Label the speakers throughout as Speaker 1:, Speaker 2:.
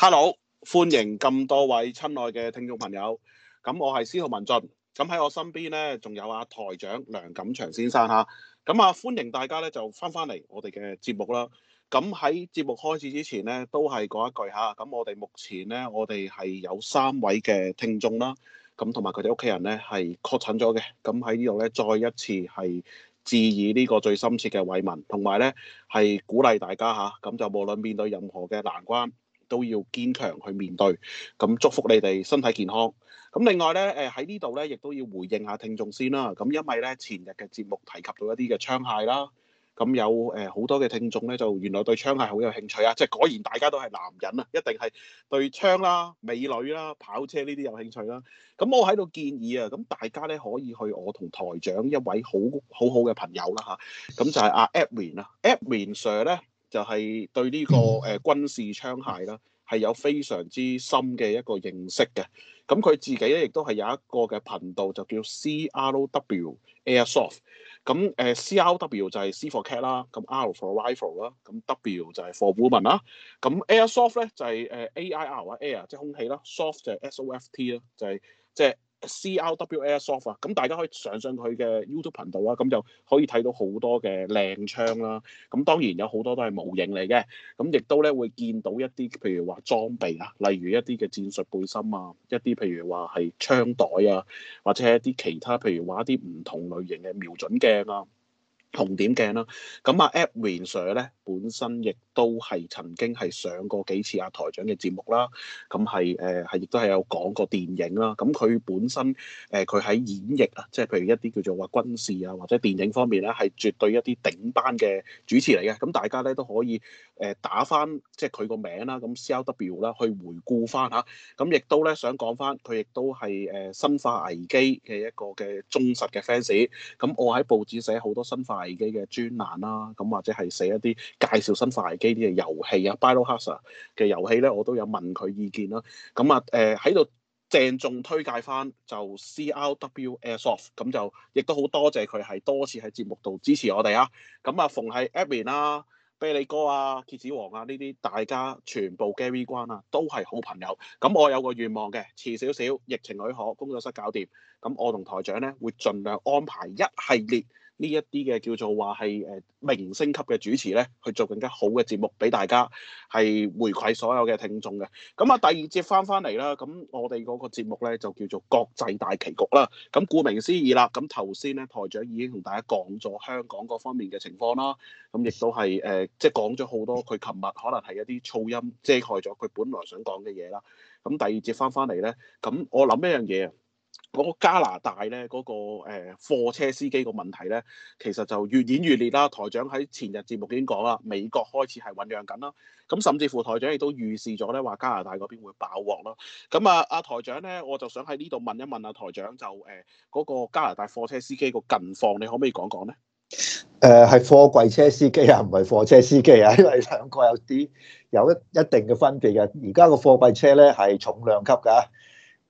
Speaker 1: hello，歡迎咁多位親愛嘅聽眾朋友。咁我係司徒文進，咁喺我身邊咧，仲有啊，台長梁錦祥先生吓。咁啊，歡迎大家咧就返返嚟我哋嘅節目啦。咁喺節目開始之前咧，都係講一句吓。咁我哋目前咧，我哋係有三位嘅聽眾啦。咁同埋佢哋屋企人咧係確診咗嘅。咁喺呢度咧，再一次係致以呢個最深切嘅慰問，同埋咧係鼓勵大家吓。咁就無論面對任何嘅難關。都要堅強去面對，咁祝福你哋身體健康。咁另外咧，誒喺呢度咧，亦都要回應下聽眾先啦。咁因為咧前日嘅節目提及到一啲嘅槍械啦，咁有誒好多嘅聽眾咧，就原來對槍械好有興趣啊！即係果然大家都係男人啊，一定係對槍啦、美女啦、跑車呢啲有興趣啦。咁我喺度建議啊，咁大家咧可以去我同台長一位好好好嘅朋友啦吓，咁就係阿 Edwin 啦，Edwin Sir 咧。就係對呢、這個誒、呃、軍事槍械啦，係有非常之深嘅一個認識嘅。咁佢自己咧，亦都係有一個嘅頻道，就叫 C R W Airsoft。咁誒、呃、C R W 就係 C for cat 啦，咁 R for rifle 啦，咁 W 就係 for w o m a n 啦。咁 Airsoft 咧就係誒 A I R 啊 Air 即係空氣啦，soft 就係 S O F T 啦、就是，就係即係。CRW Airsoft，咁大家可以上上佢嘅 YouTube 頻道啦，咁就可以睇到好多嘅靚槍啦。咁當然有好多都係模型嚟嘅，咁亦都咧會見到一啲譬如話裝備啊，例如一啲嘅戰術背心啊，一啲譬如話係槍袋啊，或者係一啲其他譬如話一啲唔同類型嘅瞄準鏡啊。同點鏡啦，咁阿 Adrian Sir 咧本身亦都係曾經係上過幾次阿、啊、台長嘅節目啦，咁係誒係亦都係有講過電影啦，咁佢本身誒佢喺演繹啊，即係譬如一啲叫做話軍事啊或者電影方面咧係絕對一啲頂班嘅主持嚟嘅，咁大家咧都可以誒、呃、打翻即係佢個名啦，咁 CLW 啦去回顧翻嚇，咁亦都咧想講翻佢亦都係誒《生化危機》嘅一個嘅忠實嘅 fans，咁我喺報紙寫好多生化。危機嘅專欄啦，咁或者係寫一啲介紹新快機啲嘅遊戲啊，Biohazard 嘅遊戲咧，我都有問佢意見啦。咁啊，誒喺度鄭重推介翻就 CRW Airsoft，咁就亦都好多謝佢係多次喺節目度支持我哋啊。咁啊，逢係 Adrian 啦、比利哥啊、蠍子王啊呢啲，大家全部 Gary 關啊都係好朋友。咁我有個願望嘅，遲少少疫情許可工作室搞掂，咁我同台長咧會盡量安排一系列。呢一啲嘅叫做話係誒明星級嘅主持咧，去做更加好嘅節目俾大家，係回饋所有嘅聽眾嘅。咁啊，第二節翻翻嚟啦，咁我哋嗰個節目咧就叫做國際大棋局啦。咁顧名思義啦，咁頭先咧台長已經同大家講咗香港各方面嘅情況啦。咁亦都係誒，即係講咗好多佢琴日可能係一啲噪音遮蓋咗佢本來想講嘅嘢啦。咁第二節翻翻嚟咧，咁我諗一樣嘢。嗰個加拿大咧，嗰、那個誒貨車司機個問題咧，其實就越演越烈啦。台長喺前日節目已經講啦，美國開始係醞釀緊啦。咁甚至乎台長亦都預示咗咧，話加拿大嗰邊會爆鑊咯。咁啊，阿、啊、台長咧，我就想喺呢度問一問阿、啊、台長，就誒嗰、呃那個加拿大貨車司機個近況，你可唔可以講講咧？
Speaker 2: 誒、呃，係貨櫃車司機啊，唔係貨車司機啊，因為
Speaker 1: 兩個有啲有一一定嘅分別嘅。而
Speaker 2: 家個貨櫃車咧係重量級噶。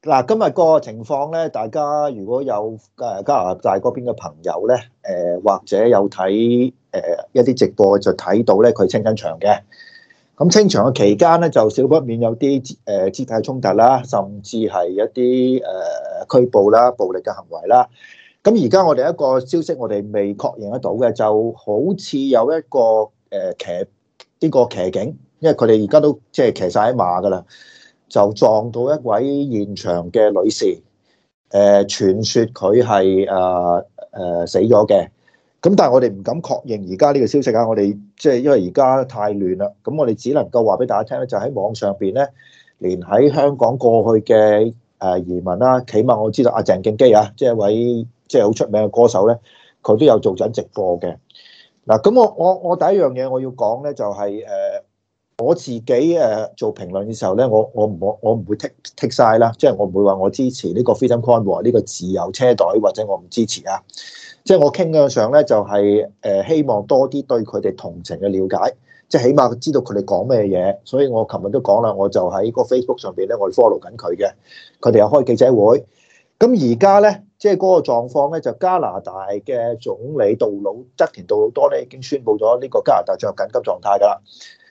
Speaker 2: 嗱，今日個情況咧，大家如果有誒加拿大嗰邊嘅朋友咧，誒、呃、或者有睇誒、呃、一啲直播就睇到咧，佢清緊場嘅。咁清場嘅、嗯、期間咧，就少不免有啲誒肢體嘅衝突啦，甚至係一啲誒、呃、拘捕啦、暴力嘅行為啦。咁而家我哋一個消息，我哋未確認得到嘅，就好似有一個誒、呃、騎呢、呢個騎警，因為佢哋而家都即係騎晒喺馬噶啦。就撞到一位現場嘅女士，誒、呃、傳説佢係誒誒死咗嘅，咁但係我哋唔敢確認而家呢個消息啊！我哋即係因為而家太亂啦，咁我哋只能夠話俾大家聽咧，就喺、是、網上邊咧連喺香港過去嘅誒移民啦、啊，起碼我知道阿、啊、鄭敬基啊，即、就、係、是、一位即係好出名嘅歌手咧，佢都有做緊直播嘅。嗱，咁我我我第一樣嘢我要講咧就係、是、誒。呃我自己誒做評論嘅時候咧，我我唔我我唔會 take take 晒啦，即係我唔會話我支持呢個 freedom convoy 呢個自由車隊，或者我唔支持啊。即係我傾向上咧，就係誒希望多啲對佢哋同情嘅了解，即係起碼知道佢哋講咩嘢。所以我琴日都講啦，我就喺個 Facebook 上邊咧，我 follow 緊佢嘅，佢哋有開記者會。咁而家咧，即係嗰個狀況咧，就加拿大嘅總理杜魯則田杜魯多咧，已經宣布咗呢個加拿大進入緊急狀態噶啦。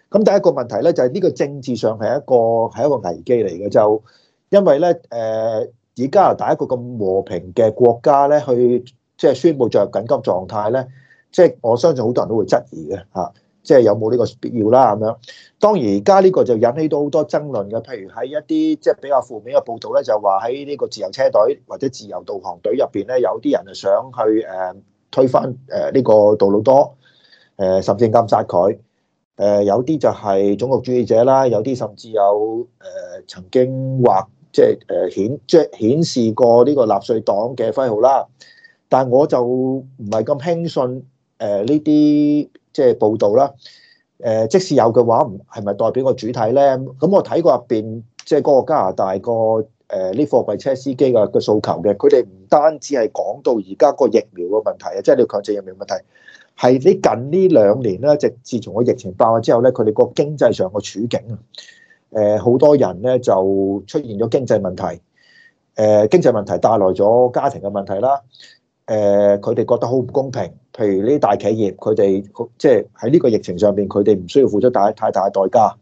Speaker 2: 咁第一個問題咧，就係、是、呢個政治上係一個係一個危機嚟嘅，就因為咧，誒、呃，以加拿大一個咁和平嘅國家咧，去即係宣布進入緊急狀態咧，即、就、係、是、我相信好多人都會質疑嘅嚇、啊，即係有冇呢個必要啦咁樣。當然而家呢個就引起到好多爭論嘅，譬如喺一啲即係比較負面嘅報導咧，就話喺呢個自由車隊或者自由導航隊入邊咧，有啲人就想去誒、呃、推翻誒呢個杜魯多誒、呃，甚至暗殺佢。誒、呃、有啲就係種族主義者啦，有啲甚至有誒、呃、曾經或即係誒顯即係顯示過呢個納粹黨嘅徽號啦。但係我就唔係咁輕信誒呢啲即係報道啦。誒、呃、即使有嘅話，唔係咪代表個主體咧？咁我睇過入邊即係嗰個加拿大、那個誒呢、呃、貨櫃車司機嘅嘅訴求嘅，佢哋唔單止係講到而家個疫苗嘅問題啊，即係你強制疫苗問題。就是係呢近呢兩年咧，即係自從個疫情爆發之後咧，佢哋個經濟上個處境啊，誒好多人咧就出現咗經濟問題，誒經濟問題帶來咗家庭嘅問題啦，誒佢哋覺得好唔公平。譬如呢啲大企業，佢哋即係喺呢個疫情上邊，佢哋唔需要付出大太大嘅代價，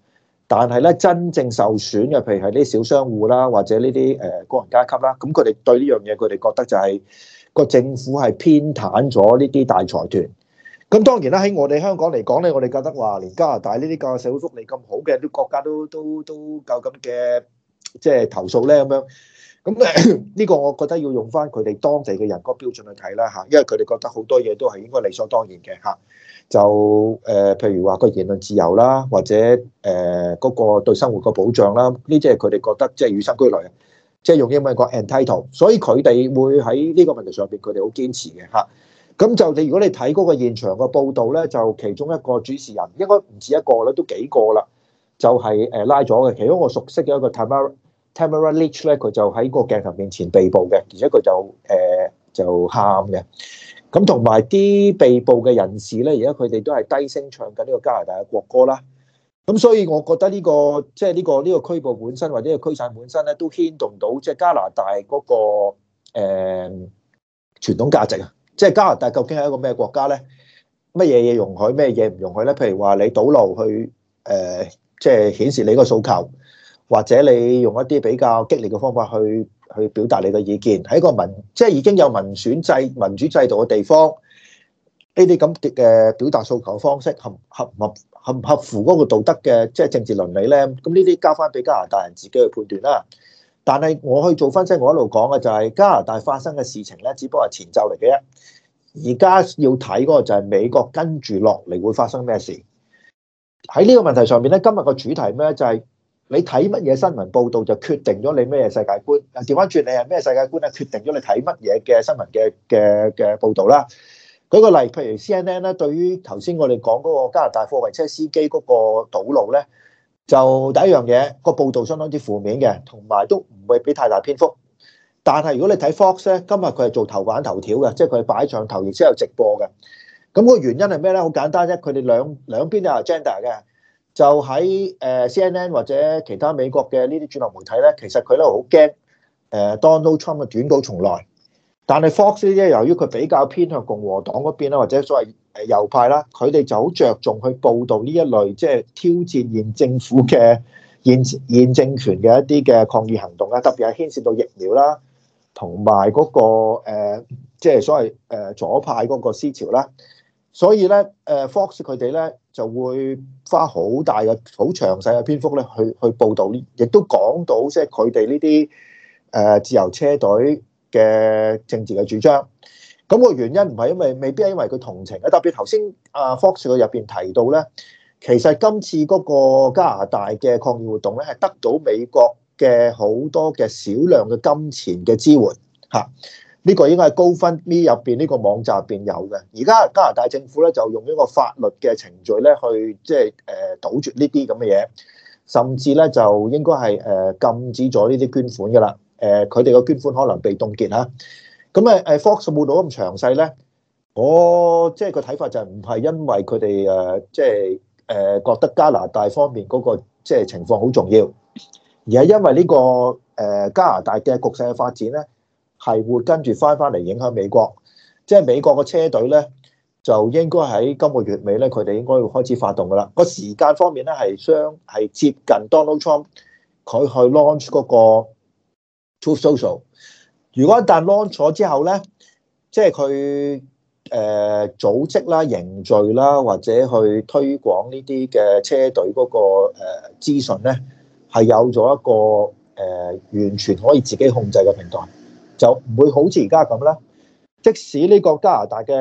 Speaker 2: 但係咧真正受損嘅，譬如係呢小商戶啦，或者呢啲誒工人階級啦，咁佢哋對呢樣嘢，佢哋覺得就係個政府係偏袒咗呢啲大財團。咁當然啦，喺我哋香港嚟講咧，我哋覺得話連加拿大呢啲個社會福利咁好嘅啲國家都都都夠咁嘅，即係投訴咧咁樣。咁誒呢個我覺得要用翻佢哋當地嘅人嗰標準去睇啦嚇，因為佢哋覺得好多嘢都係應該理所當然嘅嚇。就誒，譬如話個言論自由啦，或者誒嗰個對生活個保障啦，呢啲係佢哋覺得即係與生俱來嘅，即係用英文講 entitle。所以佢哋會喺呢個問題上面，佢哋好堅持嘅嚇。咁就你如果你睇嗰個現場個報道咧，就其中一個主持人應該唔止一個啦，都幾個啦，就係誒拉咗嘅。其中我熟悉嘅一個 ara, Tamara Tamara Leach 咧，佢就喺個鏡頭面前被捕嘅，而且佢就誒、呃、就喊嘅。咁同埋啲被捕嘅人士咧，而家佢哋都係低聲唱緊呢個加拿大嘅國歌啦。咁所以我覺得呢、呢個即係呢個呢、呢個拘捕本身或者個驅散本身咧，都牽動到即係加拿大嗰、嗰個誒、呃、傳統價值啊。即係加拿大究竟係一個咩國家咧？乜嘢嘢容許，咩嘢唔容許咧？譬如話你堵路去，誒、呃，即係顯示你個訴求，或者你用一啲比較激烈嘅方法去去表達你嘅意見，喺一個民，即係已經有民選制民主制度嘅地方，呢啲咁嘅表達訴求嘅方式合合合合唔合乎嗰個道德嘅，即係政治倫理咧？咁呢啲交翻俾加拿大人自己去判斷啦。但係我去做分析，我一路講嘅就係加拿大發生嘅事情咧，只不過係前奏嚟嘅啫。而家要睇嗰個就係美國跟住落嚟會發生咩事。喺呢個問題上面，咧，今日個主題咩咧？就係你睇乜嘢新聞報導就決定咗你咩世界觀。調返轉，你係咩世界觀咧？決定咗你睇乜嘢嘅新聞嘅嘅嘅報導啦。舉個例，譬如 C N N 咧，對於頭先我哋講嗰個加拿大貨櫃車司機嗰個堵路咧。就第一樣嘢，個報道相當之負面嘅，同埋都唔會俾太大篇幅。但係如果你睇 Fox 咧，今日佢係做頭版頭條嘅，即係佢係擺上頭，然之後直播嘅。咁個原因係咩咧？好簡單啫，佢哋兩兩邊都有 agenda 嘅。就喺誒 CNN 或者其他美國嘅呢啲主流媒體咧，其實佢都好驚誒 Donald Trump 嘅短刀重來。但係 Fox 咧，由於佢比較偏向共和黨嗰邊啦，或者所謂誒右派啦，佢哋就好着重去報導呢一類即係挑戰現政府嘅現現政權嘅一啲嘅抗議行動啦，特別係牽涉到疫苗啦，同埋嗰個即係、呃即係、所謂誒左派嗰個思潮啦。所以咧，誒 Fox 佢哋咧就會花好大嘅好詳細嘅篇幅咧，去去報導，亦都講到即係佢哋呢啲誒自由車隊，嘅政治嘅主張，咁個原因唔係因為未必係因為佢同情啊，特別頭先啊 Fox 喺入邊提到咧，其實今次嗰個加拿大嘅抗議活動咧，係得到美國嘅好多嘅少量嘅金錢嘅支援嚇，呢個應該係 GoFundMe 入邊呢個網站入邊有嘅。而家加拿大政府咧就用一個法律嘅程序咧去即係誒堵住呢啲咁嘅嘢，甚至咧就應該係誒禁止咗呢啲捐款噶啦。誒佢哋個捐款可能被凍結嚇、啊，咁啊誒 Fox 冇到咁詳細咧，我即係個睇法就係唔係因為佢哋誒即係誒覺得加拿大方面嗰、那個即係、就是、情況好重要，而係因為呢個誒加拿大嘅局勢嘅發展咧，係會跟住翻翻嚟影響美國，即、就、係、是、美國個車隊咧就應該喺今個月尾咧，佢哋應該會開始發動噶啦。那個時間方面咧係相係接近 Donald Trump 佢去 launch 嗰、那個。Truth social 如果一旦 launch 咗之後咧，即係佢誒組織啦、凝聚啦，或者去推廣、那個呃、呢啲嘅車隊嗰個誒資訊咧，係有咗一個誒、呃、完全可以自己控制嘅平台，就唔會好似而家咁啦。即使呢個加拿大嘅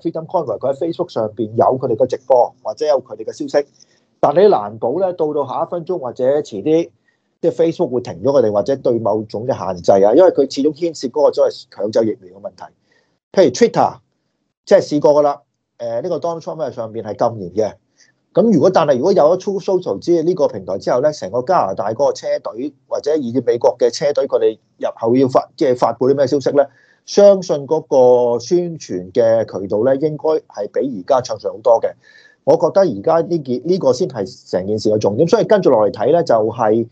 Speaker 2: 誒 Freedom convoy，佢喺 Facebook 上邊有佢哋嘅直播或者有佢哋嘅消息，但你難保咧到到下一分鐘或者遲啲。即係 Facebook 會停咗佢哋，或者對某種嘅限制啊，因為佢始終牽涉嗰個所謂強制疫苗嘅問題。譬如 Twitter 即係試過噶啦，誒、呃、呢、這個 Donald Trump，上邊係禁言嘅。咁如果但係如果有咗 True Social 之呢個平台之後咧，成個加拿大嗰個車隊或者以至美國嘅車隊，佢哋入後要發即係發布啲咩消息咧，相信嗰個宣傳嘅渠道咧應該係比而家暢順好多嘅。我覺得而家呢件呢個先係成件事嘅重點，所以跟住落嚟睇咧就係、是。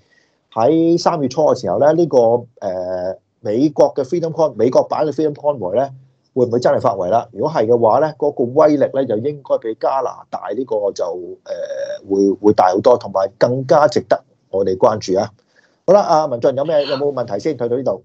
Speaker 2: 喺三月初嘅時候咧，呢、這個誒、呃、美國嘅 Freedom，美國版嘅 Freedom Convoy 咧，會唔會真係發圍啦？如果係嘅話咧，嗰、那個威力咧就應該比加拿大呢個就誒、呃、會會大好多，同埋更加值得我哋關注啊！好啦，阿文進有咩有冇問題先？睇到呢度。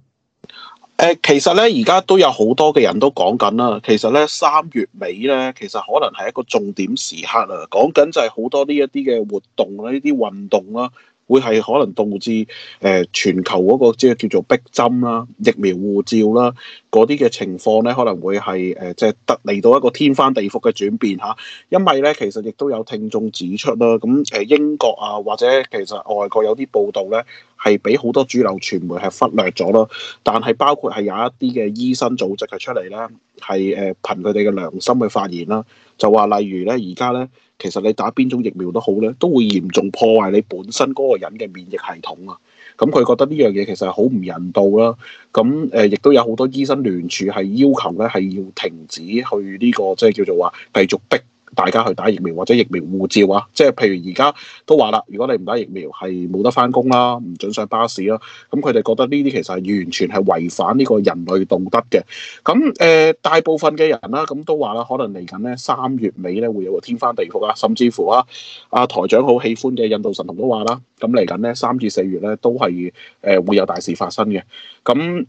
Speaker 1: 誒、呃，其實咧而家都有好多嘅人都講緊啦。其實咧三月尾咧，其實可能係一個重點時刻啊。講緊就係好多呢一啲嘅活動啊，呢啲運動啦。會係可能導致誒、呃、全球嗰個即係叫做逼針啦、啊、疫苗護照啦嗰啲嘅情況咧，可能會係誒、呃、即係嚟到一個天翻地覆嘅轉變嚇、啊，因為咧其實亦都有聽眾指出啦、啊，咁、嗯、誒、呃、英國啊或者其實外國有啲報道咧係俾好多主流傳媒係忽略咗咯、啊，但係包括係有一啲嘅醫生組織係出嚟咧係誒憑佢哋嘅良心去發言啦、啊。就話，例如咧，而家咧，其實你打邊種疫苗都好咧，都會嚴重破壞你本身嗰個人嘅免疫系統啊。咁、嗯、佢覺得呢樣嘢其實係好唔人道啦。咁、嗯、誒，亦、呃、都有好多醫生聯署係要求咧，係要停止去呢、這個即係叫做話繼續逼。大家去打疫苗或者疫苗護照啊，即係譬如而家都話啦，如果你唔打疫苗，係冇得翻工啦，唔準上巴士啦，咁佢哋覺得呢啲其實係完全係違反呢個人類道德嘅。咁誒，大部分嘅人啦，咁都話啦，可能嚟緊咧三月尾咧會有個天翻地覆啊，甚至乎啊，阿台長好喜歡嘅印度神童都話啦，咁嚟緊咧三至四月咧都係誒會有大事發生嘅，咁。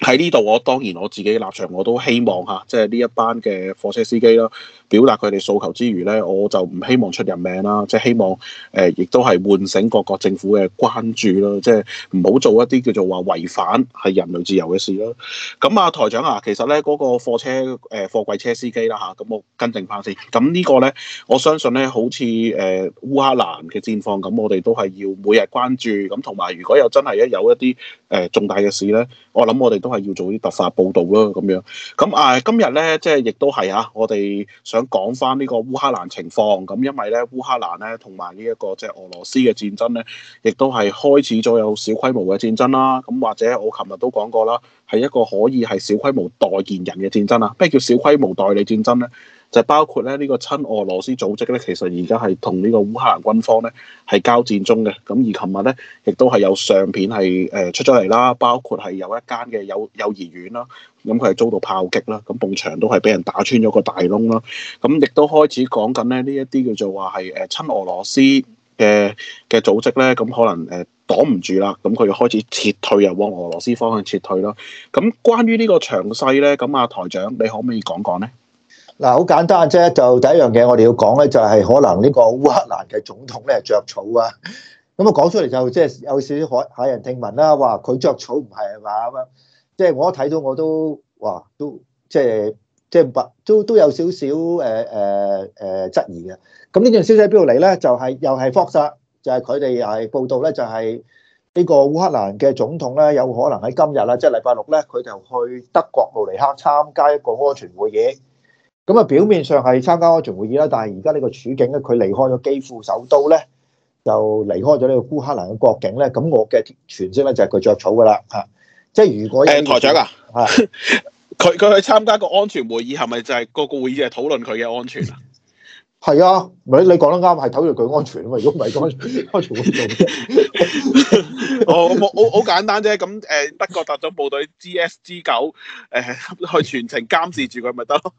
Speaker 1: 喺呢度我當然我自己立場我都希望嚇，即係呢一班嘅貨車司機啦，表達佢哋訴求之餘咧，我就唔希望出人命啦，即係希望誒，亦、呃、都係喚醒各個政府嘅關注啦，即係唔好做一啲叫做話違反係人類自由嘅事啦。咁啊，台長啊，其實咧嗰、嗰個貨車誒、呃、貨櫃車司機啦吓，咁我更正翻先。咁呢個咧，我相信咧好似誒、呃、烏克蘭嘅戰況咁，我哋都係要每日關注。咁同埋，如果有真係一有一啲誒重大嘅事咧，我諗我哋都都係要做啲突發報道咯，咁樣咁啊，今日咧即係亦都係啊，我哋想講翻呢個烏克蘭情況咁，因為咧烏克蘭咧同埋呢一個即係俄羅斯嘅戰爭咧，亦都係開始咗有小規模嘅戰爭啦。咁或者我琴日都講過啦，係一個可以係小規模代理人嘅戰爭啊。咩叫小規模代理戰爭咧？就包括咧呢個親俄羅斯組織咧，其實而家係同呢個烏克蘭軍方咧係交戰中嘅。咁而琴日咧，亦都係有相片係誒、呃、出咗嚟啦，包括係有一間嘅幼幼兒園啦，咁佢係遭到炮擊啦，咁牆都係俾人打穿咗個大窿啦。咁亦都開始講緊咧呢一啲叫做話係誒親俄羅斯嘅嘅組織咧，咁可能誒擋唔住啦，咁佢就開始撤退又往俄羅斯方向撤退咯。咁關於呢個詳細咧，咁阿台長你可唔可以講講咧？
Speaker 2: 嗱，好簡單啫，就第一樣嘢，我哋要講咧，就係可能呢個
Speaker 1: 烏克蘭嘅總統咧著草啊，
Speaker 2: 咁啊講出嚟就即係有少少駭人聽聞啦，話佢著草唔係啊嘛，咁樣，即係我一睇到我都話都即係即係唔都都有少少誒誒誒質疑嘅。咁呢段消息邊度嚟咧，就係又係 Fox 就係佢哋又係報道咧，就係呢個烏克蘭嘅總統咧，有可能喺今日啦，即係禮拜六咧，佢就去德國慕尼黑參加一個安全會議。咁啊，表面上係參加安全會議啦，但係而家呢個處境咧，佢離開咗基輔首都咧，就離開咗呢個烏克蘭嘅國境咧。咁我嘅詮釋咧就係佢着草噶啦，嚇！即係如果誒、呃、台長啊，
Speaker 1: 佢佢是 去參加個安全會議係咪就係個個會議係討論佢嘅安全？
Speaker 2: 係啊，咪你講得啱，係睇住佢安全啊嘛。如果唔係，開開做，
Speaker 1: 我冇好好簡單啫。咁誒，德國特種部隊 GSG 九誒， 去全程監視住佢咪得咯。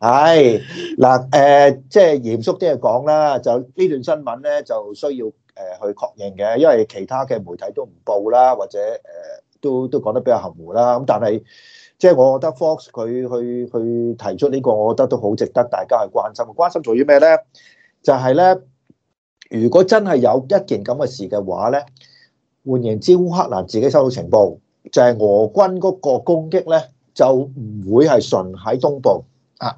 Speaker 2: 係嗱，誒，即係嚴肅啲嚟講啦，就呢段新聞咧，就需要誒去確認嘅，因為其他嘅媒體都唔報啦，或者誒都都講得比較含糊啦。咁但係。即係我覺得 Fox 佢去去提出呢個，我覺得都好值得大家去關心。關心在於咩咧？就係咧，如果真係有一件咁嘅事嘅話咧，換言之，烏克蘭自己收到情報，就係俄軍嗰個攻擊咧，就唔會係純喺東部啊。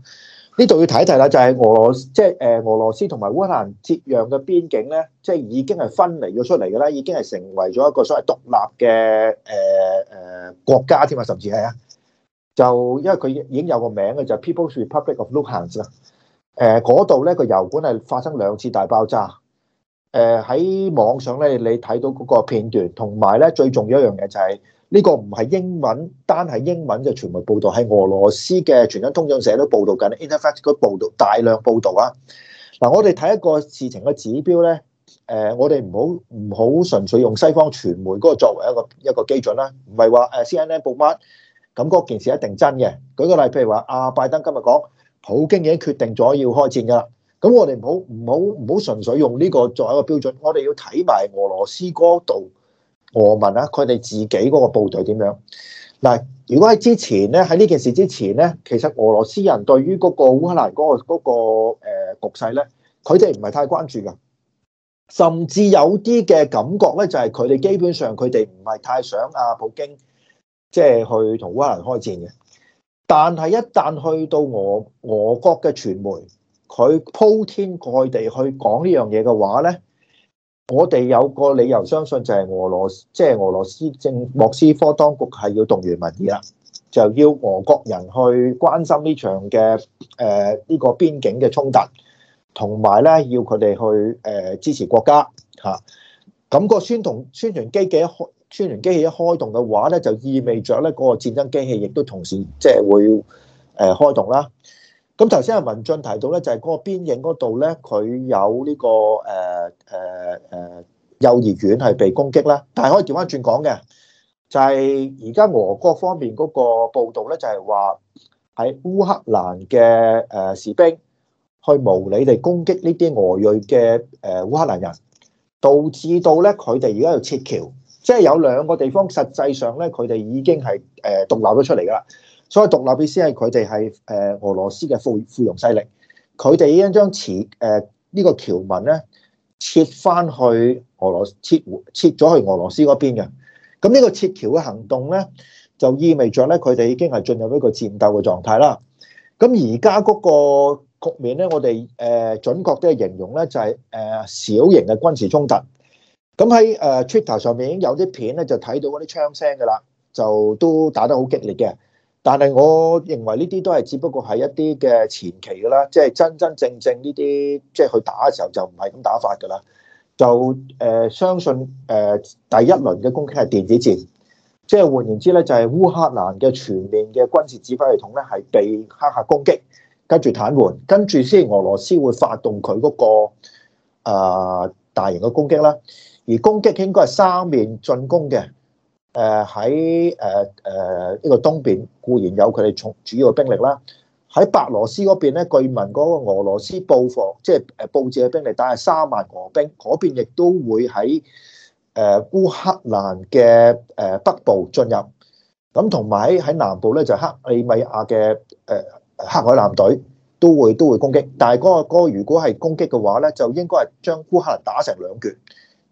Speaker 2: 呢度要睇一睇啦，就係俄羅，即係誒俄羅斯同埋烏克蘭接壤嘅邊境咧，即係已經係分離咗出嚟㗎啦，已經係成為咗一個所謂獨立嘅誒誒國家添啊，甚至係啊。就因為佢已經有個名嘅，就係 People's Republic of Luhansk 啦。誒，嗰度咧個油管係發生兩次大爆炸。誒，喺網上咧你睇到嗰個片段，同埋咧最重要一樣嘢就係呢個唔係英文，單係英文嘅傳媒報導喺俄羅斯嘅全新通訊社都報導緊，Interfax 都報導大量報導啊！嗱，我哋睇一個事情嘅指標咧，誒，我哋唔好唔好純粹用西方傳媒嗰個作為一個一個基準啦，唔係話誒 CNN 報乜。咁嗰件事一定真嘅。舉個例，譬如話啊，拜登今日講，普京已經決定咗要開戰㗎啦。咁我哋唔好唔好唔好純粹用呢個作為一個標準，我哋要睇埋俄羅斯嗰度俄文啊，佢哋自己嗰個部隊點樣？嗱，如果喺之前咧，喺呢件事之前咧，其實俄羅斯人對於嗰個烏克蘭嗰個嗰個誒局勢咧，佢哋唔係太關注㗎，甚至有啲嘅感覺咧，就係佢哋基本上佢哋唔係太想啊普京。即係去同烏克蘭開戰嘅，但係一旦去到俄俄國嘅傳媒，佢鋪天蓋地去講呢樣嘢嘅話呢，我哋有個理由相信就係俄、就是、俄羅斯，即係俄羅斯政莫斯科當局係要動員民意啦，就要俄國人去關心呢場嘅誒呢個邊境嘅衝突，同埋呢要佢哋去誒、呃、支持國家嚇。咁、啊那個宣同宣傳機嘅宣傳機器一開動嘅話咧，就意味著咧嗰個戰爭機器亦都同時即係會誒開動啦。咁頭先阿文俊提到咧，就係嗰個邊境嗰度咧，佢有呢個誒誒誒幼兒園係被攻擊啦。但係可以調返轉講嘅，就係而家俄國方面嗰個報道咧，就係話喺烏克蘭嘅誒士兵去無理地攻擊呢啲俄裔嘅誒烏克蘭人，導致到咧佢哋而家要撤僑。即係有兩個地方，實際上咧，佢哋已經係誒、呃、獨立咗出嚟噶啦。所以獨立意思係佢哋係誒俄羅斯嘅附附庸勢力，佢哋已經將此誒呢個僑民咧，撤翻去俄羅撤回撤咗去俄羅斯嗰邊嘅。咁呢個撤僑嘅行動咧，就意味著咧佢哋已經係進入一個戰鬥嘅狀態啦。咁而家嗰個局面咧，我哋誒、呃、準確啲嘅形容咧，就係、是、誒、呃、小型嘅軍事衝突。咁喺誒 Twitter 上面已經有啲片咧，就睇到嗰啲槍聲嘅啦，就都打得好激烈嘅。但係我認為呢啲都係只不過係一啲嘅前期嘅啦，即係真真正正呢啲即係佢打嘅時候就唔係咁打法嘅啦。就誒相信誒第一輪嘅攻擊係電子戰，即係換言之咧，就係烏克蘭嘅全面嘅軍事指揮系統咧係被黑客攻擊，跟住癱瘓，跟住先俄羅斯會發動佢嗰個誒大型嘅攻擊啦。而攻擊應該係三面進攻嘅。誒喺誒誒呢個東邊固然有佢哋重主要嘅兵力啦，喺白羅斯嗰邊咧，據聞嗰個俄羅斯佈防即係誒佈置嘅兵力，大概三萬俄兵嗰邊亦都會喺誒烏克蘭嘅誒北部進入。咁同埋喺喺南部咧就克里米亞嘅誒黑海艦隊都會都會攻擊。但係嗰個嗰個如果係攻擊嘅話咧，就應該係將烏克蘭打成兩橛。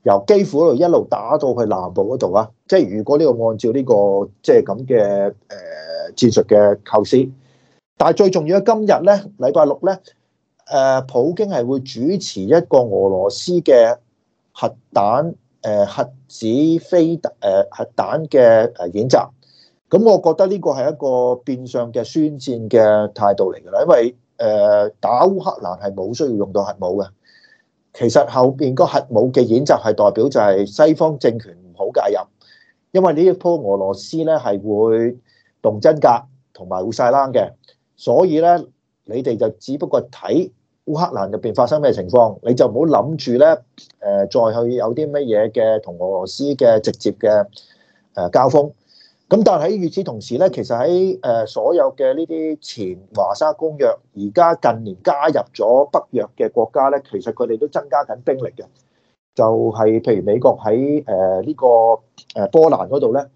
Speaker 2: 由基輔嗰度一路打到去南部嗰度啊！即係如果呢個按照呢、這個即係咁嘅誒戰術嘅構思，但係最重要嘅今日咧，禮拜六咧，誒、呃、普京係會主持一個俄羅斯嘅核彈誒、呃、核子飛誒、呃、核彈嘅誒演習。咁、呃、我覺得呢個係一個變相嘅宣戰嘅態度嚟㗎啦，因為誒、呃、打烏克蘭係冇需要用到核武嘅。其實後邊個核武嘅演習係代表就係西方政權唔好介入，因為呢一波俄羅斯咧係會動真格同埋會晒冷嘅，所以咧你哋就只不過睇烏克蘭入邊發生咩情況，你就唔好諗住咧誒再去有啲乜嘢嘅同俄羅斯嘅直接嘅誒交鋒。咁但係與此同時咧，其實喺誒所有嘅呢啲前華沙公約，而家近年加入咗北約嘅國家咧，其實佢哋都增加緊兵力嘅。就係譬如美國喺誒呢個誒波蘭嗰度咧，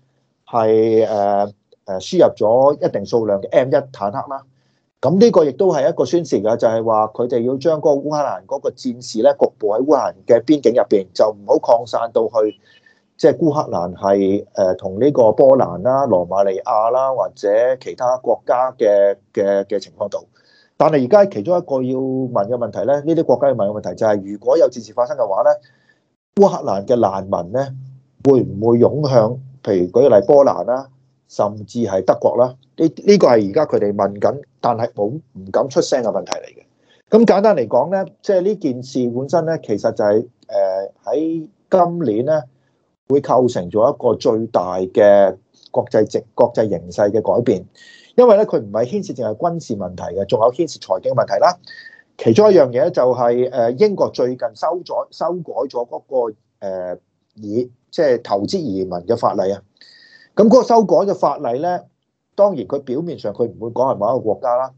Speaker 2: 係誒誒輸入咗一定數量嘅 M1 坦克啦。咁呢個亦都係一個宣示㗎，就係話佢哋要將嗰個烏克蘭嗰個戰事咧，局部喺烏克蘭嘅邊境入邊，就唔好擴散到去。即係烏克蘭係誒同呢個波蘭啦、啊、羅馬尼亞啦、啊，或者其他國家嘅嘅嘅情況度。但係而家其中一個要問嘅問題咧，呢啲國家要問嘅問題就係、係，如果有戰事發生嘅話咧，烏克蘭嘅難民咧會唔會湧向？譬如舉例波蘭啦、啊，甚至係德國啦、啊。呢呢、呢個係而家佢哋問緊，但係冇唔敢出聲嘅問題嚟嘅。咁簡單嚟講咧，即係呢件事本身咧，其實就係誒喺今年咧。會構成咗一個最大嘅國際勢、國際形勢嘅改變，因為咧佢唔係牽涉淨係軍事問題嘅，仲有牽涉財經嘅問題啦。其中一樣嘢就係誒，英國最近修咗修改咗嗰、嗰個誒移、呃、即係投資移民嘅法例啊。咁嗰個修改嘅法例咧，當然佢表面上佢唔會講係某一個國家啦，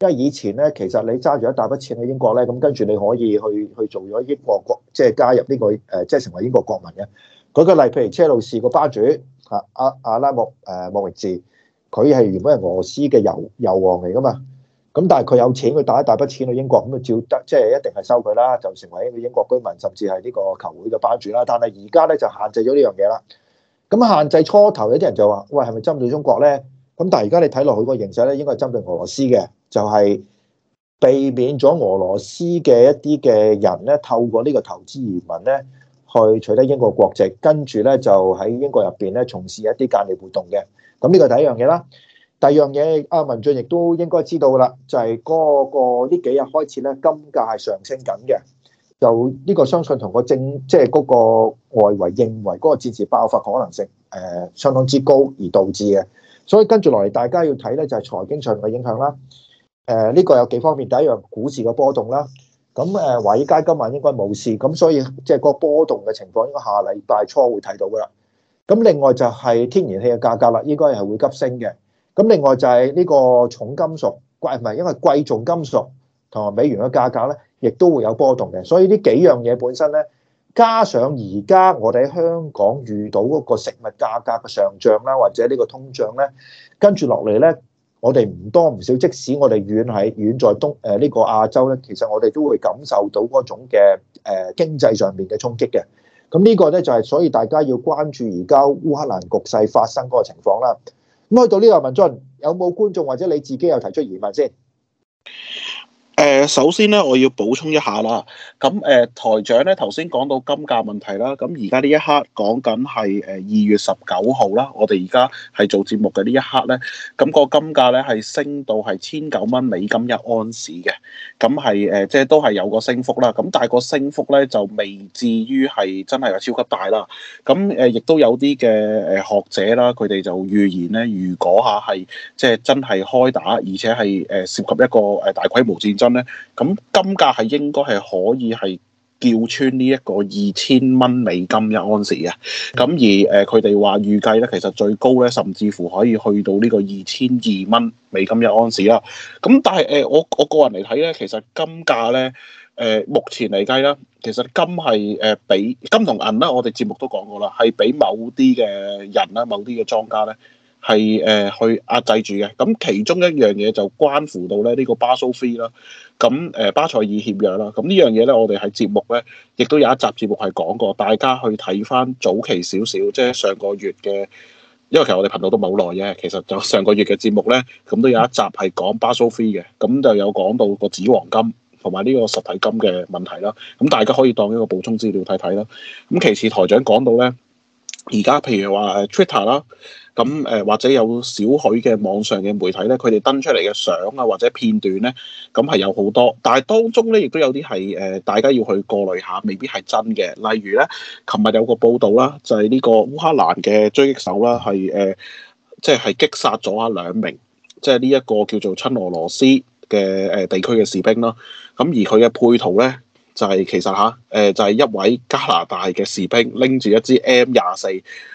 Speaker 2: 因為以前咧其實你揸住一大筆錢喺英國咧，咁跟住你可以去去做咗英國國即係加入呢、呢個誒，即係成為英國國民嘅。舉個例，譬如車路士個班主嚇阿阿拉木誒莫明治，佢、啊、係原本係俄羅斯嘅油油王嚟㗎嘛，咁但係佢有錢，佢帶一大筆錢去英國，咁就照得即係一定係收佢啦，就成為一個英國居民，甚至係呢個球會嘅班主啦。但係而家咧就限制咗呢樣嘢啦。咁限制初頭有啲人就話：喂，係咪針對中國咧？咁但係而家你睇落去個形勢咧，應該係針對俄羅斯嘅，就係、是、避免咗俄羅斯嘅一啲嘅人咧，透過呢個投資移民咧。去取得英國國籍，跟住咧就喺英國入邊咧從事一啲間諜活動嘅。咁呢個第一樣嘢啦。第二樣嘢阿文進亦都應該知道啦，就係、是、嗰個呢幾日開始咧，金價係上升緊嘅。就呢個相信同個政即係嗰個外圍認為嗰個戰事爆發可能性誒相當之高而導致嘅。所以跟住落嚟，大家要睇咧就係財經上嘅影響啦。誒、這、呢個有幾方面，第一樣股市嘅波動啦。咁誒，華爾街今晚應該冇事，咁所以即係個波動嘅情況應該下禮拜初會睇到噶啦。咁另外就係天然氣嘅價格啦，應該係會急升嘅。咁另外就係呢個重金屬貴，唔係因為貴重金屬同埋美元嘅價格咧，亦都會有波動嘅。所以呢幾樣嘢本身咧，加上而家我哋喺香港遇到嗰個食物價格嘅上漲啦，或者呢個通脹咧，跟住落嚟咧。我哋唔多唔少，即使我哋遠喺遠在東誒呢個亞洲咧，其實我哋都會感受到嗰種嘅誒經濟上面嘅衝擊嘅。咁呢個咧就係所以大家要關注而家烏克蘭局勢發生嗰個情況啦。咁去到呢度，文進有冇觀眾或者你自己有提出疑問先？
Speaker 1: 誒、呃、首先咧，我要補充一下啦。咁、嗯、誒、呃、台長咧，頭先講到金價問題啦。咁而家呢一刻講緊係誒二月十九號啦。我哋而家係做節目嘅呢一刻咧，咁、嗯這個金價咧係升到係千九蚊美金一盎司嘅。咁係誒，即係都係有個升幅啦。咁但係個升幅咧就未至於係真係話超級大啦。咁、嗯、誒，亦、呃、都有啲嘅誒學者啦，佢哋就預言咧，如果嚇係即係真係開打，而且係誒涉及一個誒大規模戰爭。咁咧，咁金價係應該係可以係叫穿呢一個二千蚊美金一安士啊，咁而誒，佢哋話預計咧，其實最高咧，甚至乎可以去到呢個二千二蚊美金一安士啦。咁但係誒，我我個人嚟睇咧，其實金價咧，誒，目前嚟計啦，其實金係誒比金同銀啦，我哋節目都講過啦，係比某啲嘅人啦，某啲嘅莊家咧。係誒、呃、去壓制住嘅，咁其中一樣嘢就關乎到咧呢、這個 Basel III 啦，咁誒巴塞爾協約啦，咁呢樣嘢咧我哋喺節目咧亦都有一集節目係講過，大家去睇翻早期少少，即係上個月嘅，因為其實我哋頻道都冇耐嘅，其實就上個月嘅節目咧，咁都有一集係講 Basel III 嘅，咁就有講到個紙黃金同埋呢個實體金嘅問題啦，咁大家可以當一個補充資料睇睇啦。咁其次台長講到咧。而家譬如話 Twitter 啦，咁誒或者有少許嘅網上嘅媒體咧，佢哋登出嚟嘅相啊或者片段咧，咁係有好多，但係當中咧亦都有啲係誒大家要去過濾下，未必係真嘅。例如咧，琴日有個報導啦，就係呢個烏克蘭嘅狙擊手啦，係誒即係擊殺咗啊兩名即係呢一個叫做親俄羅斯嘅誒地區嘅士兵囉。咁而佢嘅配圖咧。就係其實嚇，誒、呃、就係、是、一位加拿大嘅士兵拎住一支 M 廿四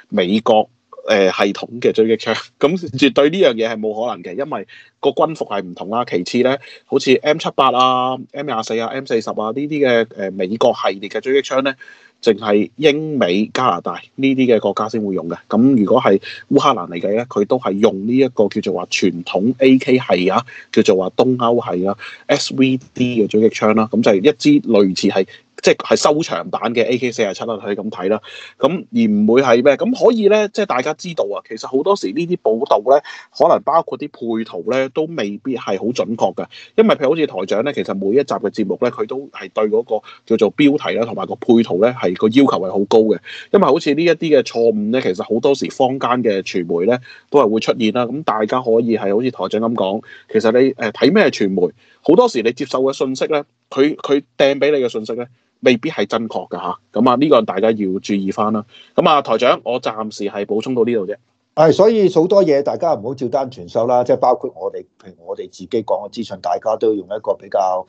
Speaker 1: 美國誒、呃、系統嘅狙擊槍，咁、嗯、絕對呢樣嘢係冇可能嘅，因為個軍服係唔同啦。其次咧，好似 M 七八啊、M 廿四啊、M 四十啊呢啲嘅誒美國系列嘅狙擊槍咧。淨係英美加拿大呢啲嘅國家先會用嘅，咁如果係烏克蘭嚟嘅咧，佢都係用呢一個叫做話傳統 AK 系啊，叫做話東歐系啊，SVD 嘅狙擊槍啦，咁就係一支類似係。即係收長版嘅 AK 四十七啦，47，你可以咁睇啦。咁而唔會係咩咁可以咧？即係大家知道啊，其實好多時呢啲報道咧，可能包括啲配圖咧，都未必係好準確嘅。因為譬如好似台長咧，其實每一集嘅節目咧，佢都係對嗰個叫做標題啦，同埋個配圖咧，係個要求係好高嘅。因為好似呢一啲嘅錯誤咧，其實好多時坊間嘅傳媒咧都係會出現啦。咁大家可以係好似台長咁講，其實你誒睇咩傳媒，好多時你接受嘅信息咧。佢佢掟俾你嘅信息咧，未必係準確㗎吓，咁啊呢個大家要注意翻、啊、啦。咁啊台長，我暫時係補充到呢度啫。係，
Speaker 2: 所以好多嘢大家唔好照單全收啦，即、就、係、是、包括我哋，譬如我哋自己講嘅資訊，大家都用一個比較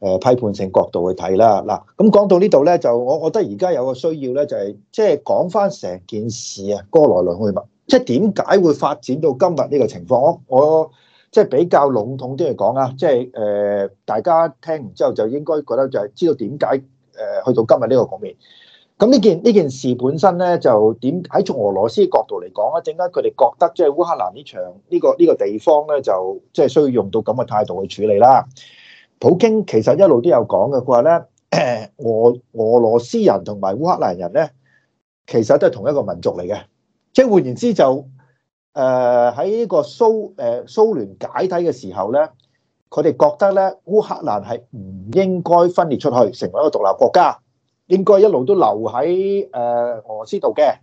Speaker 2: 誒、呃、批判性角度去睇啦。嗱，咁講到呢度咧，就我覺得而家有個需要咧，就係即係講翻成件事啊，過來來去去，即係點解會發展到今日呢個情況？我我。即係比較籠統啲嚟講啊，即係誒大家聽完之後就應該覺得就係知道點解誒去到今日呢個局面。咁呢件呢件事本身咧就點喺從俄羅斯角度嚟講啊，陣間佢哋覺得即係烏克蘭呢場呢個呢個地方咧就即係需要用到咁嘅態度去處理啦。普京其實一路都有講嘅，佢話咧誒俄俄羅斯人同埋烏克蘭人咧其實都係同一個民族嚟嘅，即係換言之就。誒喺呢個蘇誒蘇聯解體嘅時候咧，佢哋覺得咧烏克蘭係唔應該分裂出去成為一個獨立國家，應該一路都留喺誒俄羅斯度嘅，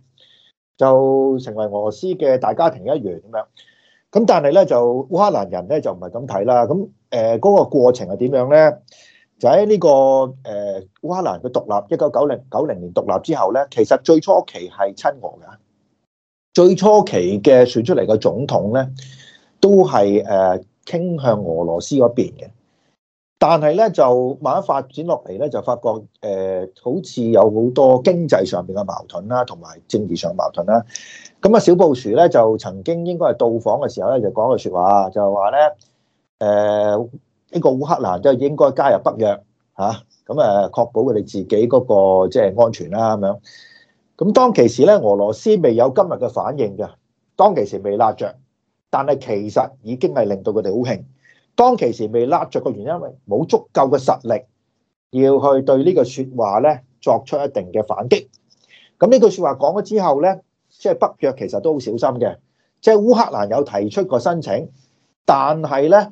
Speaker 2: 就成為俄羅斯嘅大家庭一員咁樣。咁但係咧就烏克蘭人咧就唔係咁睇啦。咁誒嗰個過程係點樣咧？就喺呢個誒烏克蘭嘅獨立，一九九零九零年獨立之後咧，其實最初期係親俄㗎。最初期嘅選出嚟嘅總統咧，都係誒、呃、傾向俄羅斯嗰邊嘅。但係咧就慢慢發展落嚟咧，就發覺誒、呃、好似有好多經濟上面嘅矛盾啦、啊，同埋政治上矛盾啦、啊。咁、嗯、啊，小布殊咧就曾經應該係到訪嘅時候咧，就講句説話，就係話咧誒呢個、呃、烏克蘭即係應該加入北約嚇，咁啊、嗯嗯、確保佢哋自己嗰、那個即係、就是、安全啦、啊、咁樣。咁當其時咧，俄羅斯未有今日嘅反應嘅，當其時未拉着，但係其實已經係令到佢哋好興。當其時未拉着嘅原因，係冇足夠嘅實力要去對個說呢個説話咧作出一定嘅反擊。咁呢句説話講咗之後咧，即係北約其實都好小心嘅，即係烏克蘭有提出過申請，但係咧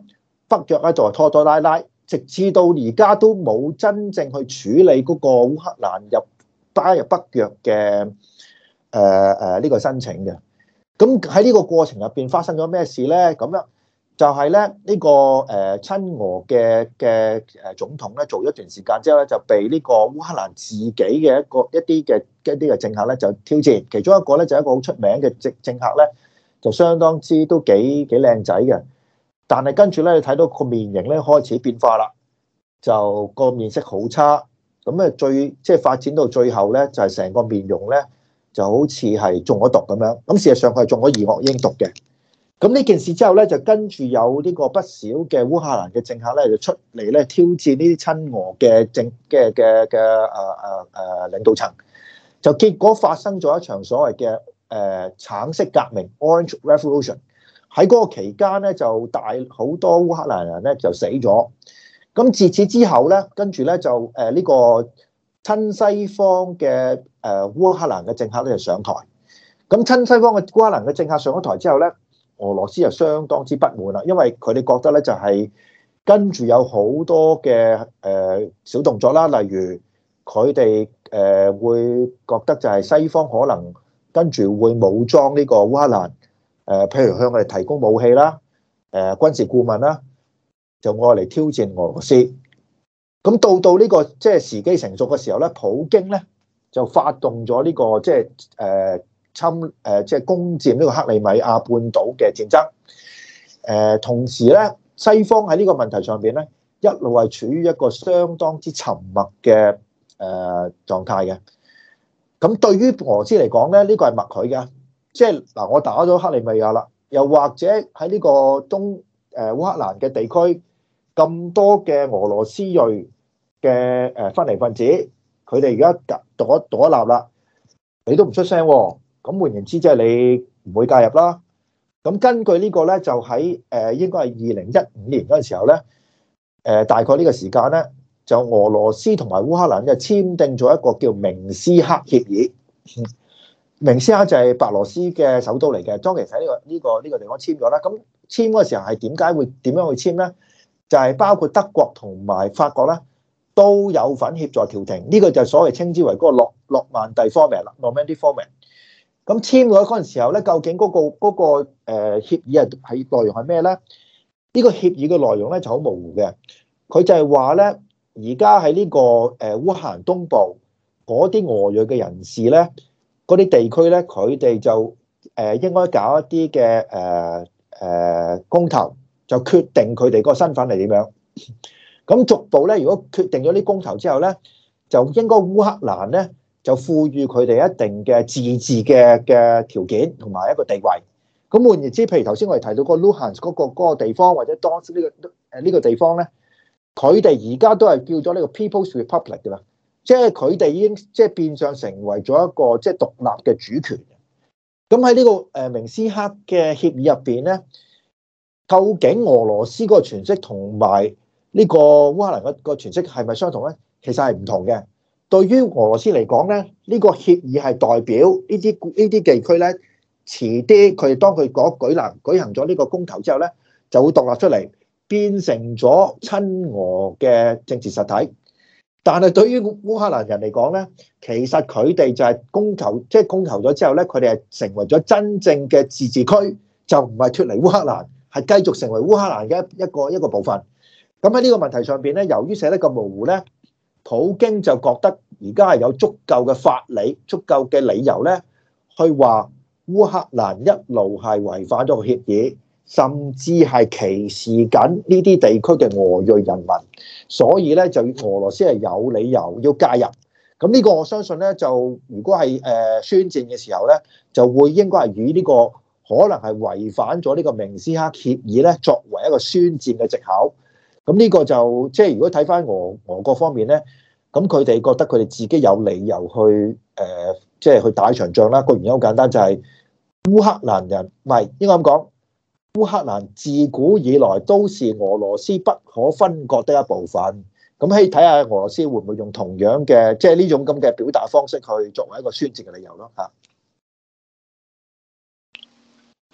Speaker 2: 北約喺度拖拖拉拉，直至到而家都冇真正去處理嗰個烏克蘭入加入北約嘅誒誒呢個申請嘅，咁喺呢個過程入邊發生咗咩事咧？咁樣就係、是、咧呢、呢個誒親、呃、俄嘅嘅誒總統咧做咗一段時間之後咧，就被呢個烏克蘭自己嘅一個一啲嘅一啲嘅政客咧就挑戰，其中一個咧就係一個好出名嘅政政客咧，就相當之都幾幾靚仔嘅，但係跟住咧你睇到個面型咧開始變化啦，就個面色好差。咁咧最即係發展到最後咧，就係成個面容咧就好似係中咗毒咁樣。咁事實上佢係中咗二惡英毒嘅。咁呢件事之後咧，就跟住有呢個不少嘅烏克蘭嘅政客咧，就出嚟咧挑戰呢啲親俄嘅政嘅嘅嘅誒誒誒領導層。就結果發生咗一場所謂嘅誒橙色革命 （Orange Revolution）。喺嗰個期間咧，就大好多烏克蘭人咧就死咗。咁自此之後咧，跟住咧就誒呢個親西方嘅誒烏克蘭嘅政客咧就上台。咁親西方嘅烏克蘭嘅政客上咗台之後咧，俄羅斯就相當之不滿啦，因為佢哋覺得咧就係跟住有好多嘅誒小動作啦，例如佢哋誒會覺得就係西方可能跟住會武裝呢個烏克蘭，誒譬如向佢哋提供武器啦，誒軍事顧問啦。就愛嚟挑戰俄羅斯，咁到到、這、呢個即係、就是、時機成熟嘅時候咧，普京咧就發動咗呢、這個即係誒侵誒即係攻佔呢個克里米亞半島嘅戰爭。誒、呃、同時咧，西方喺呢個問題上面咧，一路係處於一個相當之沉默嘅誒、呃、狀態嘅。咁對於俄羅斯嚟講咧，呢、這個係默許嘅，即係嗱，我打咗克里米亞啦，又或者喺呢個東誒烏克蘭嘅地區。咁多嘅俄羅斯裔嘅誒分離分子，佢哋而家獨一獨一立啦，你都唔出聲，哦，咁換言之，即係你唔會介入啦。咁根據個呢個咧，就喺誒、呃，應該係二零一五年嗰陣時候咧，誒、呃，大概呢個時間咧，就俄羅斯同埋烏克蘭就簽訂咗一個叫明斯克協議。 明斯克就係白羅斯嘅首都嚟嘅，當其時喺呢個呢、這個呢、這個地方簽咗啦。咁簽嗰時候係點解會點樣去簽咧？就係包括德國同埋法國咧，都有份協助調停，呢、這個就所謂稱之為嗰個諾諾曼第方案啦，諾曼第方案。咁簽咗嗰陣時候咧，究竟嗰、那個嗰、那個誒協議係係內容係咩咧？這個、協呢個協議嘅內容咧，就好模糊嘅，佢就係話咧，而家喺呢個誒烏克蘭東部嗰啲俄裔嘅人士咧，嗰啲地區咧，佢哋就誒應該搞一啲嘅誒誒公投。就決定佢哋個身份係點樣，咁逐步咧，如果決定咗啲公投之後咧，就應該烏克蘭咧就賦予佢哋一定嘅自治嘅嘅條件同埋一個地位。咁換言之，譬如頭先我哋提到個 Luhansk 嗰、嗰個嗰個地方或者當呢、呢個誒呢、呢個地方咧，佢哋而家都係叫咗呢個 People's Republic 㗎啦，即係佢哋已經即係變相成為咗一個即係、即係、獨立嘅主權。咁喺呢個誒明斯克嘅協議入邊咧。究竟俄羅斯嗰個詮釋同埋呢個烏克蘭嗰個詮釋係咪相同咧？其實係唔同嘅。對於俄羅斯嚟講咧，呢個協議係代表呢啲呢啲地區咧，遲啲佢哋當佢嗰舉行舉行咗呢個公投之後咧，就會獨立出嚟，變成咗親俄嘅政治實體。但係對於烏克蘭人嚟講咧，其實佢哋就係公投，即係公投咗之後咧，佢哋係成為咗真正嘅自治區，就唔係脫離烏克蘭。係繼續成為烏克蘭嘅一個一個部分。咁喺呢個問題上邊咧，由於寫得咁模糊咧，普京就覺得而家係有足夠嘅法理、足夠嘅理由咧，去話烏克蘭一路係違反咗個協議，甚至係歧視緊呢啲地區嘅俄裔人民。所以咧，就俄羅斯係有理由要介入。咁呢個我相信咧，就如果係誒、呃、宣戰嘅時候咧，就會應該係與呢個。可能係違反咗呢個明斯克協議咧，作為一個宣戰嘅藉口。咁呢個就即係如果睇返俄俄國方面咧，咁佢哋覺得佢哋自己有理由去誒，即、呃、係、就係、去打一場仗啦。個原因好簡單，就係、係、烏克蘭人唔係應該咁講，烏克蘭自古以來都是俄羅斯不可分割的一部分。咁可以睇下俄羅斯會唔會用同樣嘅即係呢種咁嘅表達方式去作為一個宣戰嘅理由咯嚇。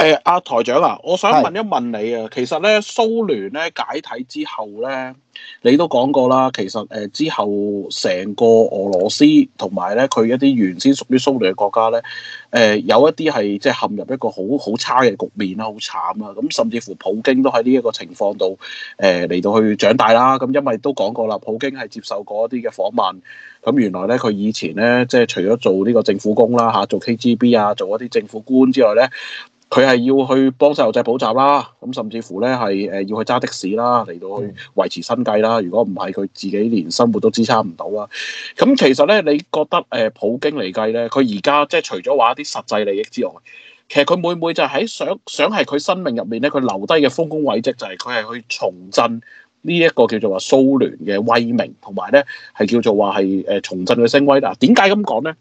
Speaker 1: 誒，阿、呃、台長啊，我想問一問你啊，是其實咧蘇聯咧解體之後咧，你都講過啦，其實誒、呃、之後成個俄羅斯同埋咧佢一啲原先屬於蘇聯嘅國家咧，誒、呃、有一啲係即係陷入一個好好差嘅局面啦，好慘啊！咁、嗯、甚至乎普京都喺呢一個情況度誒嚟到去長大啦。咁、嗯、因為都講過啦，普京係接受過一啲嘅訪問，咁、嗯、原來咧佢以前咧即係除咗做呢個政府工啦吓，做 KGB 啊，做一啲政府官之外咧。呢呢呢呢佢係要去幫細路仔補習啦，咁甚至乎咧係誒要去揸的士啦，嚟到去維持生計啦。如果唔係，佢自己連生活都支撐唔到啊。咁其實咧，你覺得誒普京嚟計咧，佢而家即係除咗話一啲實際利益之外，其實佢每每就係想想係佢生命入面咧，佢留低嘅豐功偉績就係佢係去重振呢一個叫做話蘇聯嘅威名，同埋咧係叫做話係誒重振嘅聲威啦。點解咁講咧？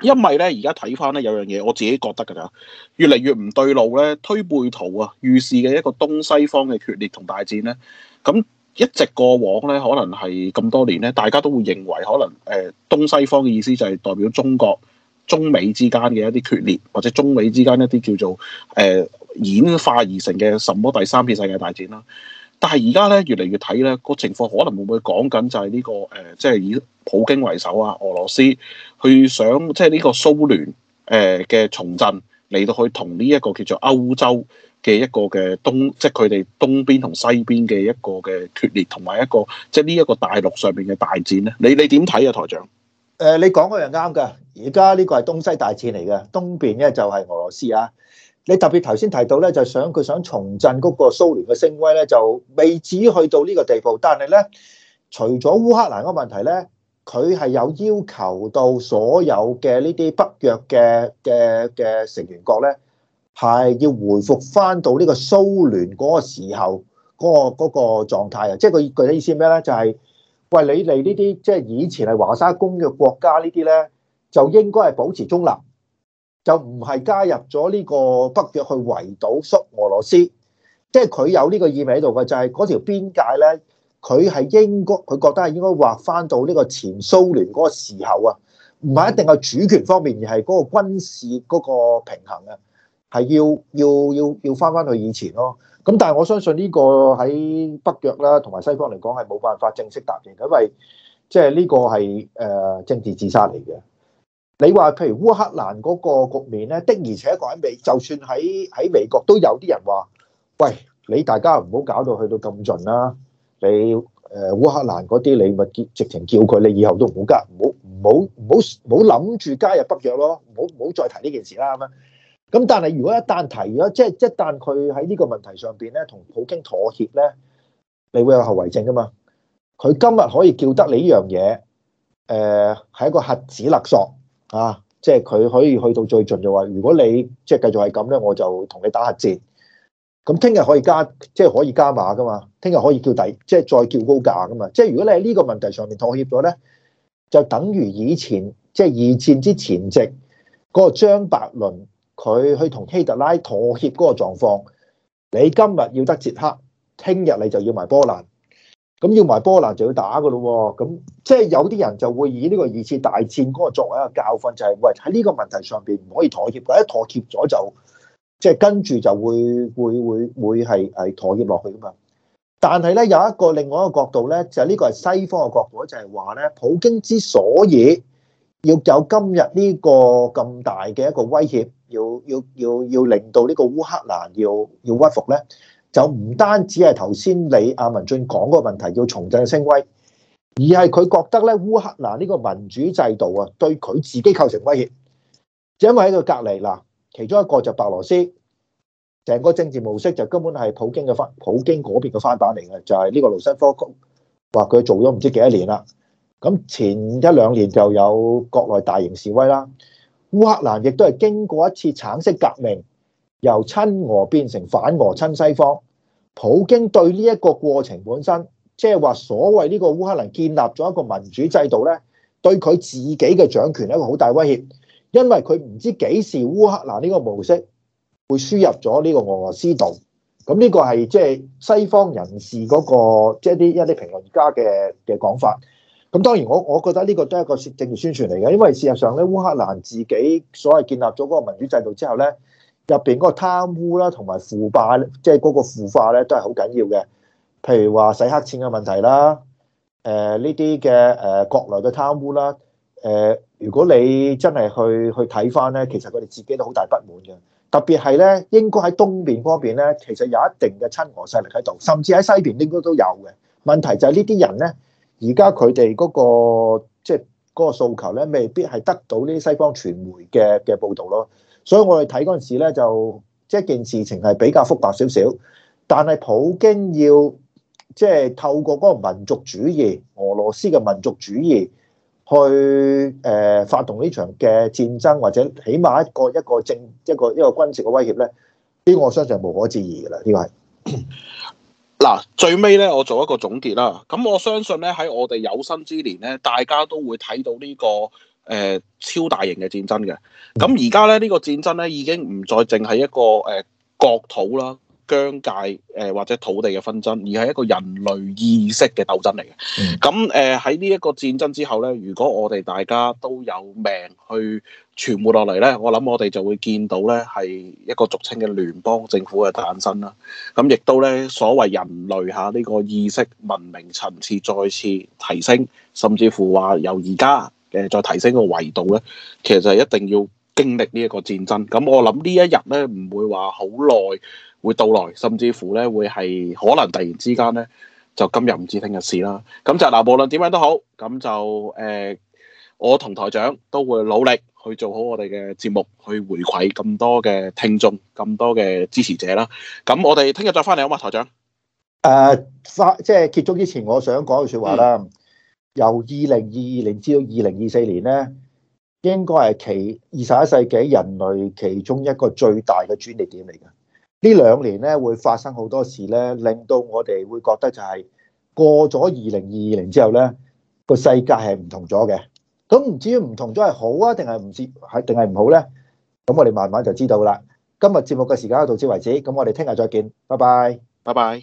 Speaker 1: 因為咧，而家睇翻咧，有樣嘢我自己覺得㗎啦，越嚟越唔對路咧，推背圖啊，預示嘅一個東西方嘅決裂同大戰咧，咁一直過往咧，可能係咁多年咧，大家都會認為可能誒、呃、東西方嘅意思就係代表中國中美之間嘅一啲決裂，或者中美之間一啲叫做誒、呃、演化而成嘅什麼第三次世界大戰啦。但係而家咧，越嚟越睇咧個情況，可能會唔會講緊就係呢、這個誒，即、呃、係、就是、以普京為首啊，俄羅斯去想即係呢個蘇聯誒嘅、呃、重振，嚟到去同呢一個叫做歐洲嘅一個嘅東，即係佢哋東邊同西邊嘅一個嘅決裂，同埋一個即係呢一個大陸上邊嘅大戰咧。你你點睇啊，台長？
Speaker 2: 誒、呃，你講嘅係啱㗎。而家呢個係東西大戰嚟嘅，東邊咧就係俄羅斯啊。你特別頭先提到咧，就想佢想重振嗰個蘇聯嘅聲威咧，就未止去到呢個地步。但係咧，除咗烏克蘭嘅問題咧，佢係有要求到所有嘅呢啲北約嘅嘅嘅成員國咧，係要回復返到呢個蘇聯嗰個時候嗰、嗰個嗰、嗰個狀態啊！即係佢具體意思咩咧？就係、係、喂，你哋呢啲即係以前係華沙公約國家呢啲咧，就應該係保持中立。就唔係加入咗呢個北約去圍堵塞俄羅斯，即係佢有呢個意味喺度嘅，就係嗰條邊界咧，佢係應該，佢覺得係應該劃翻到呢個前蘇聯嗰個時候啊，唔係一定係主權方面，而係嗰個軍事嗰個平衡啊，係要要要要翻翻去以前咯。咁但係我相信呢個喺北約啦，同埋西方嚟講係冇辦法正式達成㗎，因為即係呢個係誒政治自殺嚟嘅。你話譬如烏克蘭嗰個局面咧，的而且確喺美，就算喺喺美國都有啲人話：，喂，你大家唔好搞到去到咁盡啦。你誒、呃、烏克蘭嗰啲，你咪直情叫佢，你以後都唔好加，唔好唔好唔好唔好諗住加入北約咯，唔好唔好再提呢件事啦咁樣。咁但係如果一旦提，如果即係、就是、一旦佢喺呢個問題上邊咧，同普京妥協咧，你會有後遺症噶嘛？佢今日可以叫得你呢樣嘢，誒、呃、係一個核子勒索。啊！即係佢可以去到最盡就話，如果你即係繼續係咁咧，我就同你打下折。咁聽日可以加，即係可以加碼噶嘛？聽日可以叫底，即係再叫高價噶嘛？即係如果你喺呢個問題上面妥協咗咧，就等於以前即係二戰之前夕嗰個張伯倫佢去同希特拉妥協嗰個狀況。你今日要得捷克，聽日你就要埋波蘭。咁要埋波蘭就要打噶咯喎，咁即係有啲人就會以呢個二次大戰嗰個作為一個教訓，就係喂，喺呢個問題上邊唔可以妥協，或者妥協咗就即係跟住就會會會會係係妥協落去噶嘛。但係咧有一個另外一個角度咧，就係呢個係西方嘅角度，就係話咧普京之所以要有今日呢個咁大嘅一個威脅，要要要要令到呢個烏克蘭要要屈服咧。就唔單止係頭先你阿文俊講嗰個問題叫重振聲威，而係佢覺得咧烏克蘭呢個民主制度啊，對佢自己構成威脅，因為喺佢隔離嗱，其中一個就白羅斯，成個政治模式就根本係普京嘅翻普京嗰邊嘅翻版嚟嘅，就係、是、呢個盧森科講話佢做咗唔知幾多年啦，咁前一兩年就有國內大型示威啦，烏克蘭亦都係經過一次橙色革命。由親俄變成反俄親西方，普京對呢一個過程本身，即係話所謂呢個烏克蘭建立咗一個民主制度呢，對佢自己嘅掌權係一個好大威脅，因為佢唔知幾時烏克蘭呢個模式會輸入咗呢個俄羅斯度。咁呢個係即係西方人士嗰個，即係啲一啲評論家嘅嘅講法。咁當然我我覺得呢個都係一個政治宣傳嚟嘅，因為事實上呢，烏克蘭自己所謂建立咗嗰個民主制度之後呢。入邊嗰個貪污啦，同埋腐敗，即係嗰個腐化咧，都係好緊要嘅。譬如話洗黑錢嘅問題啦，誒呢啲嘅誒國內嘅貪污啦，誒、呃、如果你真係去去睇翻咧，其實佢哋自己都好大不滿嘅。特別係咧，應該喺東面邊方面咧，其實有一定嘅親俄勢力喺度，甚至喺西邊應該都有嘅。問題就係呢啲人咧，而家佢哋嗰個即係嗰個訴求咧，未必係得到呢啲西方傳媒嘅嘅報導咯。所以，我哋睇嗰陣時咧，就即係件事情係比較複雜少少，但係普京要即係、即係、透過嗰個民族主義、俄羅斯嘅民族主義去誒、呃、發動呢場嘅戰爭，或者起碼一個一個政一個一個軍事嘅威脅咧，呢、呢個我相信無可置疑嘅、呢個、啦。呢個係
Speaker 1: 嗱最尾咧，我做一個總結啦。咁我相信咧，喺我哋有生之年咧，大家都會睇到呢、呢個。誒、呃、超大型嘅戰爭嘅，咁而家咧呢、呢個戰爭咧已經唔再淨係一個誒、呃、國土啦、疆界誒、呃、或者土地嘅紛爭，而係一個人類意識嘅鬥爭嚟嘅。咁誒喺呢一個戰爭之後咧，如果我哋大家都有命去存活落嚟咧，我諗我哋就會見到咧係一個俗稱嘅聯邦政府嘅誕生啦。咁亦都咧所謂人類嚇呢個意識文明層次再次提升，甚至乎話由而家。誒，再提升個維度咧，其實就係一定要經歷呢一個戰爭。咁我諗呢一日咧，唔會話好耐會到來，甚至乎咧會係可能突然之間咧，就今日唔知聽日事啦。咁就嗱，無論點樣都好，咁就誒、呃，我同台長都會努力去做好我哋嘅節目，去回饋咁多嘅聽眾、咁多嘅支持者啦。咁我哋聽日再翻嚟好嘛，台長。
Speaker 2: 誒、啊，即係、就是、結束之前，我想講句説話啦、嗯。由二零二二年至到二零二四年呢，應該係其二十一世紀人類其中一個最大嘅轉捩點嚟嘅。呢兩年呢，會發生好多事呢，令到我哋會覺得就係、是、過咗二零二二年之後呢，個世界係唔同咗嘅。咁唔知唔同咗係好啊，定係唔接係定係唔好呢？咁我哋慢慢就知道啦。今日節目嘅時間到此為止，咁我哋聽日再見，拜拜，拜拜。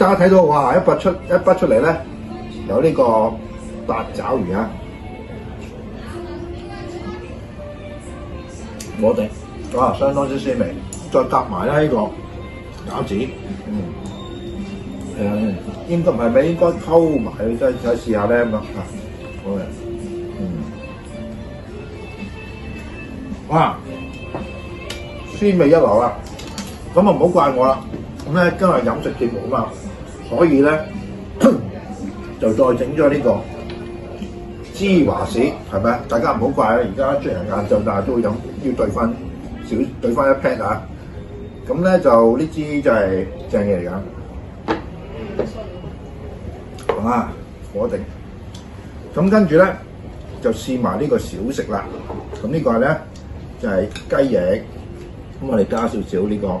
Speaker 2: 大家睇到哇，一筆出來一筆出嚟咧，有呢個八爪魚啊，我哋相當之鮮味，再夾埋咧呢個餃子，嗯，誒、嗯、應該唔係咩，應該溝埋即係再試下咧咁啊，好啊，嗯，哇，鮮味一流啊，咁啊唔好怪我啦。咁咧今日飲食節目啊嘛，所以咧 就再整咗呢個芝華士，係咪啊？大家唔好怪啦，而家雖然晏晝，但係都會飲，要兌翻少兌翻一 pack 啊！咁咧就呢支就係正嘢嚟㗎，咁、啊、嘛？我定。咁跟住咧就試埋呢個小食啦。咁呢個咧就係、是、雞翼，咁我哋加少少呢、這個。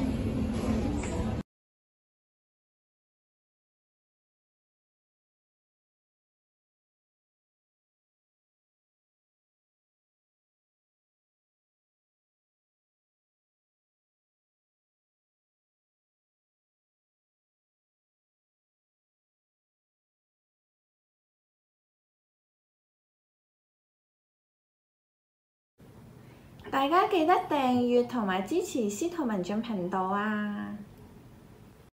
Speaker 1: 大家記得訂閱同埋支持司徒文進頻道啊！